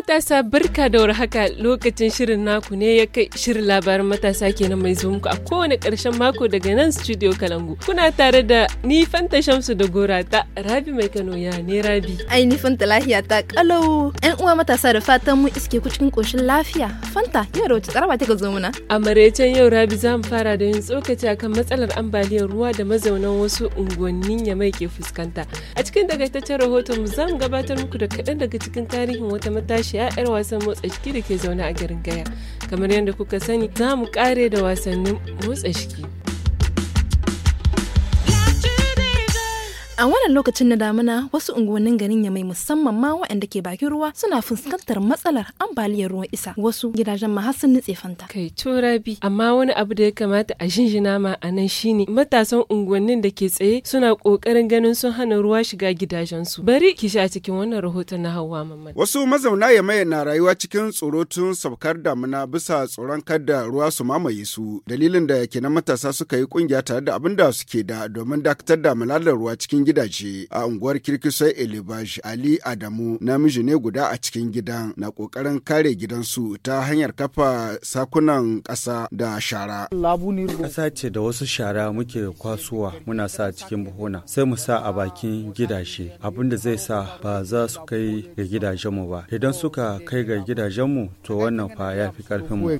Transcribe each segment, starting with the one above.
matasa barka da warhaka lokacin shirin naku ne ya kai shirin labarin matasa kenan mai zo muku a kowane karshen mako daga nan studio Kalangu. Kuna tare da ni Fanta Shamsu da Gora ta Rabi Mai Kano ya ne Rabi. Ai ni Fanta lafiya ta kalau. yan uwa matasa da fatan mu iske ku cikin koshin lafiya. Fanta yau da wace tsaraba ta zo muna. A maraicen yau Rabi za mu fara da yin tsokaci akan matsalar ambaliyar ruwa da mazaunan wasu unguwannin ya mai ke fuskanta. A cikin takaitaccen rahoton mu za mu gabatar muku da kaɗan daga cikin tarihin wata matashi matashiya 'yar wasan motsa jiki da ke zaune a garin Gaya. Kamar yadda kuka sani, za mu kare da wasannin motsa jiki. A wannan lokacin na damuna wasu unguwannin garin ya mai musamman ma waɗanda ke bakin ruwa suna fuskantar matsalar ambaliyar ruwan isa wasu gidajen ma har sun nutse fanta. Kai amma wani abu da ya kamata a shinjina ma a nan shine matasan unguwannin da ke tsaye suna kokarin ganin sun hana ruwa shiga gidajensu. Bari ki sha cikin wannan rahoton na hawa Mamman. Wasu mazauna ya mai na rayuwa cikin tsoro tun saukar damuna bisa tsoron kada ruwa su mamaye su dalilin da kenan matasa suka yi kungiya tare da abin da suke da domin dakatar da malalar ruwa cikin gidaje a unguwar kirkisai elibash ali adamu namiji ne guda a cikin gidan na kokarin kare gidansu ta hanyar kafa sakunan ƙasa da shara ƙasa ce da wasu shara muke kwasuwa muna sa cikin buhuna sai mu sa a bakin gidaje abinda zai sa ba za su kai ga gidajenmu ba idan suka kai ga gidajenmu to wannan fa ya fi mu.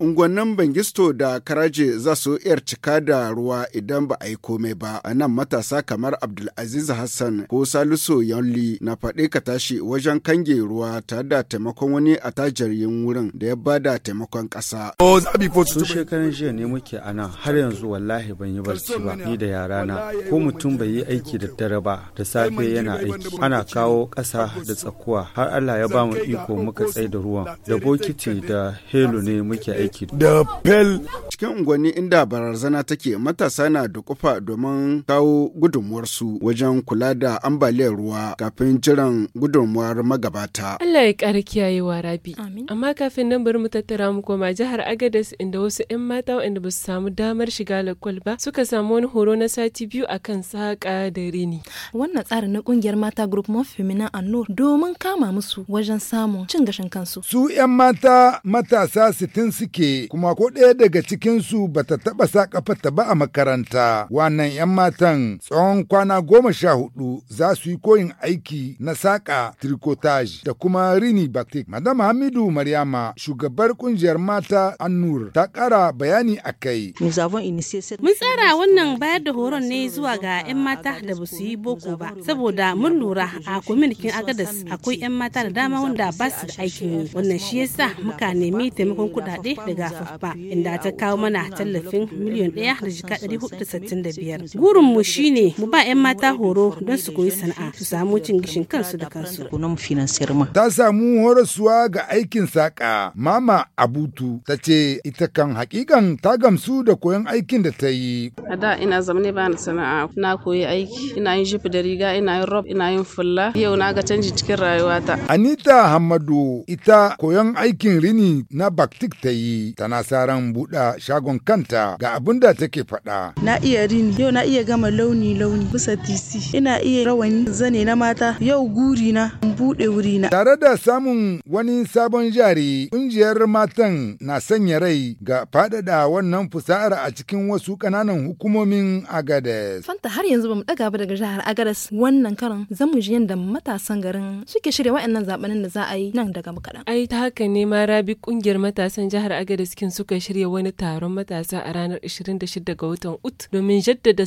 unguwannin bangisto da karaje za su iya cika da ruwa idan ba a yi komai ba a nan matasa kamar kamar Abdulaziz Hassan ko Salisu Yanli na faɗe ka tashi wajen kange ruwa tare da taimakon wani a attajirin wurin da ya ba da taimakon ƙasa. Oh, Tun shekaran jiya ne muke a har yanzu wallahi ban yi barci ba ni da yarana ko mutum bai yi aiki da dare ba da safe yana aiki ana kawo ƙasa da tsakuwa har Allah ya ba mu iko muka tsai da ruwan da bokiti da helo ne muke aiki. Da fel. Cikin unguwanni inda barazana take matasa na da kufa domin kawo gudunmuwa rayuwarsu wajen kula da ambaliyar ruwa kafin jiran gudunmawar magabata. Allah ya ƙara kiyayewa rabi. Amma kafin nan bari mu tattara mu koma jihar Agadez inda wasu 'yan mata waɗanda ba su samu damar shiga lakwal ba suka samu wani horo na sati biyu akan saƙa da rini. Wannan tsarin na ƙungiyar mata group Feminin Annur domin kama musu wajen samun cin gashin kansu. Su 'yan mata matasa sitin suke kuma ko ɗaya daga cikinsu bata taɓa saƙa fata ba a makaranta. Wannan 'yan matan tsawon tsawon kwana goma sha hudu za su yi koyin aiki na saƙa tricotage da kuma rini batik. Madam Hamidu Maryama shugabar kungiyar mata Annur ta ƙara bayani a kai. Mun tsara wannan bayar da horon ne zuwa ga 'yan mata da ba su yi boko ba saboda mun lura a kwamitin agadas akwai 'yan mata da dama wanda ba su da aikin yi wannan shi yasa muka nemi taimakon kuɗaɗe daga fafa inda ta kawo mana tallafin miliyan ɗaya da jika ɗari hudu da sittin da biyar. Gurinmu shine mu ba 'yan mata horo don su koyi sana'a su samu cin gishin kansu da kansu. Ta samu horaswa ga aikin saƙa Mama Abutu ta ce ita kan hakikan ta gamsu da koyon aikin da ta yi. A da ina zamane ba na sana'a na koyi aiki ina yin jifi da riga ina yin rob ina yin fulla yau na ga canji cikin rayuwata. Anita Hamadu ita koyon aikin rini na baktik ta yi tana sa buɗa shagon kanta ga abin da take faɗa. Na iya rini yau na iya gama launi launi abin bisa tisi ina iya rawani zane na mata yau guri na in buɗe wuri na. Tare da samun wani sabon jari kungiyar matan na sanya rai ga fadada wannan fusa'ar a cikin wasu kananan hukumomin Agades. Fanta har yanzu bamu ɗaga ba daga jihar Agades wannan karan zamu ji yadda matasan garin suke shirya wa'annan zabanin da za a yi nan daga kadan Ai ta haka ne ma Rabi ƙungiyar matasan jihar Agades kin suka shirya wani taron matasa a ranar 26 ga watan Ut domin jaddada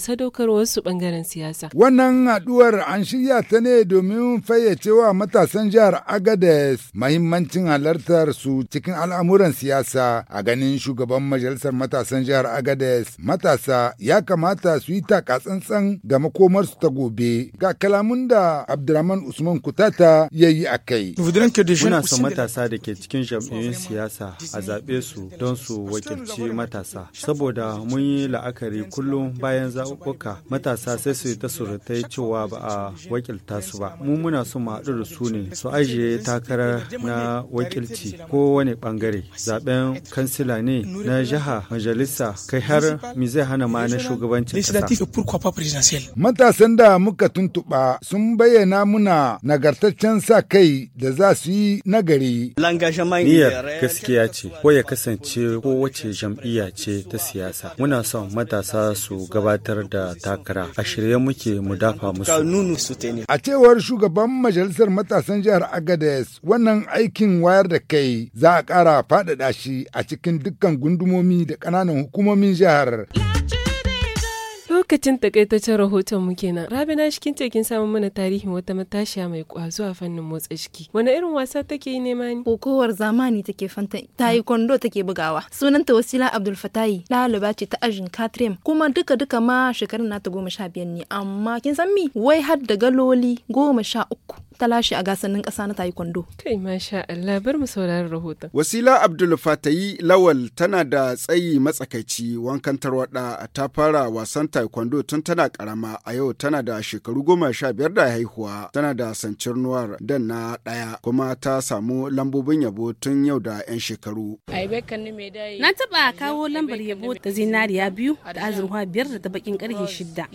wasu ɓangaren siyasa. Wannan haɗuwar an shirya ta ne domin fayyacewa matasan jihar Agades mahimmancin halartar su cikin al'amuran siyasa a ganin shugaban majalisar matasan jihar Agades matasa ya kamata su yi takatsantsan ga su ta gobe ga kalamun da Abdulrahman Usman Kutata ya yi a kai. Muna son matasa da ke cikin jam'iyyun siyasa a zaɓe su don su wakilci matasa saboda mun yi la'akari kullum bayan zaɓuɓɓuka matasa sai sai su yi ta surutai cewa ba a wakilta su ba mu muna so mu haɗu da su ne su ajiye takara na wakilci ko wani bangare zaben kansila ne na jiha majalisa kai har mi zai hana ma na shugabancin matasan da muka tuntuɓa sun bayyana muna nagartaccen sa kai da za su yi nagari niyyar gaskiya ce ko ya kasance ko wace jam'iyya ce ta siyasa muna son matasa su gabatar da takara a shirye muke mu dafa musu. A cewar shugaban majalisar matasan jihar Agadez wannan aikin wayar da kai za a ƙara faɗaɗa shi a cikin dukkan gundumomi da ƙananan hukumomin jihar. lokacin takaitaccen rahoton mu kenan. Rabi na shikin ce kin samu mana tarihin wata matashiya mai kwazo a fannin motsa jiki. Wani irin wasa take yi ne mani? Kokowar zamani take fanta taekwondo take bugawa. Sunanta Wasila Abdul Fatayi, ɗaliba ce ta ajin katrim kuma duka duka ma shekarun nata goma sha biyar ne, amma kin san mi? Wai har da galoli goma sha uku ta a gasannin ƙasa na taekwondo. Kai masha Allah bar mu saurari rahoton. Wasila Abdul Fatayi Lawal tana da tsayi matsakaici wankan tarwaɗa ta fara wasan taekwondo tun tana karama a yau tana da shekaru goma sha biyar da haihuwa tana da sancirnuwar nuwar dan na ɗaya kuma ta samu lambobin yabo tun yau da 'yan shekaru. Na taɓa kawo lambar yabo da zinariya biyu da azurfa biyar da ta bakin ƙarfe shidda.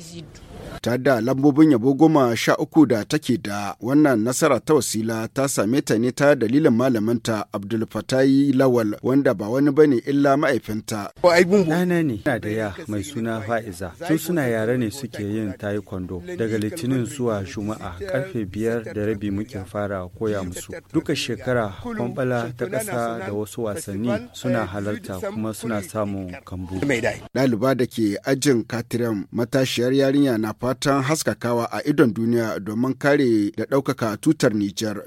ta da lambobin yabo goma sha uku da take da wannan nasara ta wasila ta same ta ne ta dalilin malaminta abdul fatayi lawal wanda ba wani bane illa ma'aifinta. ɗana ne na da ya mai suna fa'iza tun suna yare ne suke yin taekwondo daga litinin zuwa juma'a karfe biyar da rabi muke fara koya musu duka shekara kwambala ta ƙasa da wasu wasanni suna halarta kuma suna samun kambu. ɗaliba da ke ajin katiram matashiyar yarinya na fata fatan haskakawa a idon duniya domin kare da ɗaukaka tutar Nijar.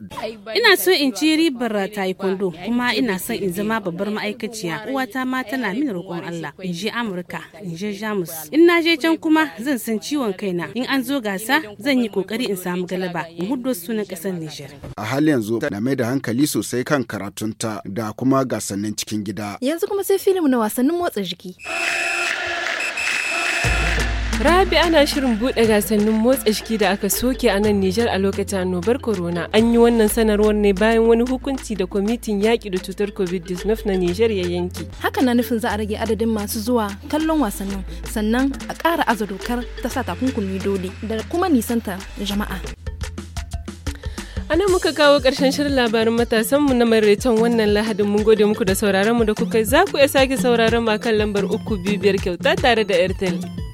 Ina so in ci ribar taekwondo kuma ina son in zama babbar ma'aikaciya uwata ma tana min roƙon Allah in je Amurka in je Jamus. In na je can kuma zan san ciwon kaina in an zo gasa zan yi ƙoƙari in samu galaba in hudo sunan ƙasar Nijar. A hali yanzu na mai da hankali sosai kan karatunta da kuma gasannin cikin gida. Yanzu kuma sai filim na wasannin motsa jiki. Rabi ana shirin buɗe gasannin motsa jiki da aka soke a nan Nijar a lokacin annobar corona. An yi wannan sanarwar ne bayan wani hukunci da kwamitin yaƙi da cutar COVID-19 na Nijar ya yanke. Haka na nufin za a rage adadin masu zuwa kallon wasannin sannan a ƙara aza dokar ta sa takunkumi dole da kuma nisanta jama'a. A muka kawo ƙarshen shirin labarin matasanmu na maraicen wannan lahadin mun gode muku da sauraron mu da kuka za ku iya sake sauraron mu kan lambar uku biyar kyauta tare da Airtel.